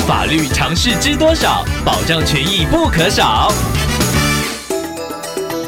法律常識知多少？保障權益不可少。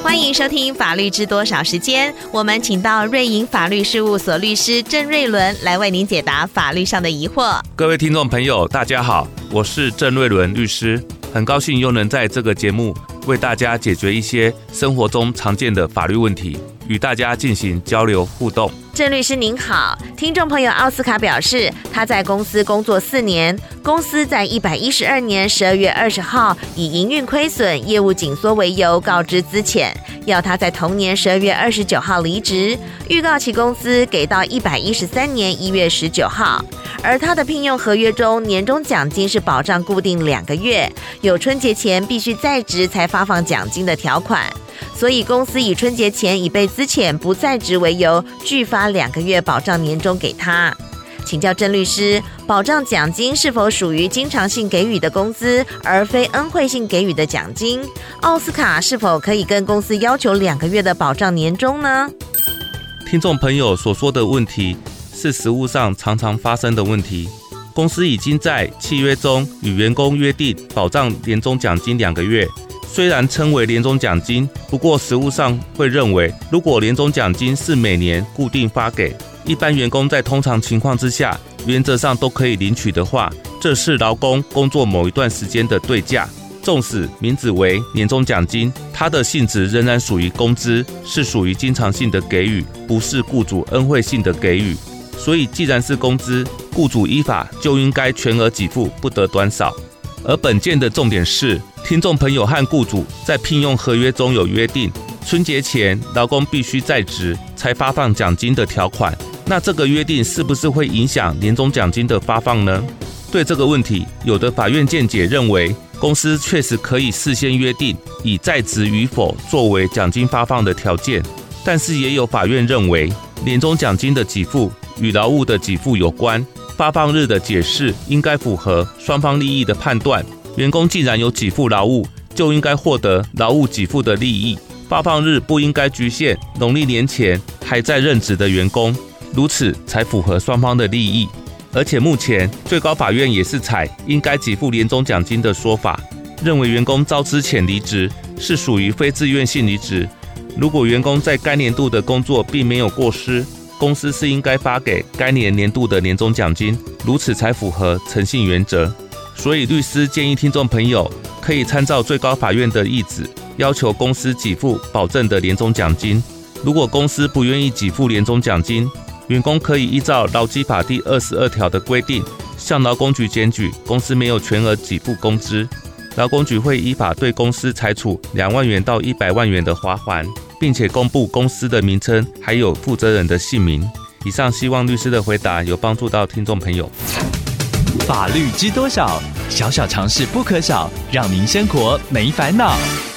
歡迎收聽《法律知多少》時間，我們請到瑞瀛法律事務所律師鄭瑞崙來為您解答法律上的疑惑。各位聽眾朋友，大家好，我是鄭瑞崙律師，很高興又能在這個節目為大家解決一些生活中常見的法律問題，與大家進行交流互動。鄭律師您好，聽眾朋友奧斯卡表示，他在公司工作四年，公司在一百一十二年十二月二十號以營運虧損、業務緊縮為由告知資遣，要他在同年十二月二十九號離職，預告期工資給到一百一十三年一月十九號，而他的聘用合約中年終獎金是保障固定兩個月，有春節前必須在職才發放獎金的條款。所以公司以春節前已被資遣不在職為由，拒發兩個月保障年終給他。請教鄭律師，保障獎金是否屬於經常性給予的工資，而非恩惠性給予的獎金？奧斯卡是否可以跟公司要求兩個月的保障年終呢？聽眾朋友所說的問題，是實務上常常發生的問題。公司已經在契約中與員工約定保障年終獎金兩個月。雖然稱為年終獎金，不過實務上會認為，如果年終獎金是每年固定發給一般員工，在通常情況之下，原則上都可以領取的話，這是勞工工作某一段時間的對價。縱使名字為年終獎金，它的性質仍然屬於工資，是屬於經常性的給予，不是雇主恩惠性的給予。所以，既然是工資，雇主依法就應該全額給付，不得短少。而本件的重點是，聽眾朋友和雇主在聘用合約中有約定，春節前勞工必須在職才發放獎金的條款，那這個約定是不是會影響年終獎金的發放呢？對這個問題，有的法院見解認為，公司確實可以事先約定以在職與否作為獎金發放的條件，但是也有法院認為，年終獎金的給付與勞務的給付有關。發放日的解釋應該符合雙方利益的判斷。員工既然有給付勞務，就應該獲得勞務給付的利益。發放日不應該局限農曆年前還在任職的員工，如此才符合雙方的利益。而且目前最高法院也是採應該給付年終獎金的說法，認為員工遭資遣離職是屬於非自願性離職。如果員工在該年度的工作並沒有過失。公司是應該發給該年年度的年終獎金，如此才符合誠信原則。所以，律師建議聽眾朋友可以參照最高法院的意旨，要求公司給付保證的年終獎金。如果公司不願意給付年終獎金，員工可以依照勞基法第二十二條的規定，向勞工局檢舉公司沒有全額給付工資。勞工局會依法對公司裁處兩萬元到一百萬元的罰鍰。並且公布公司的名稱，還有負責人的姓名。以上，希望律師的回答有幫助到聽眾朋友。法律知多少？小小常識不可少，讓您生活沒煩惱。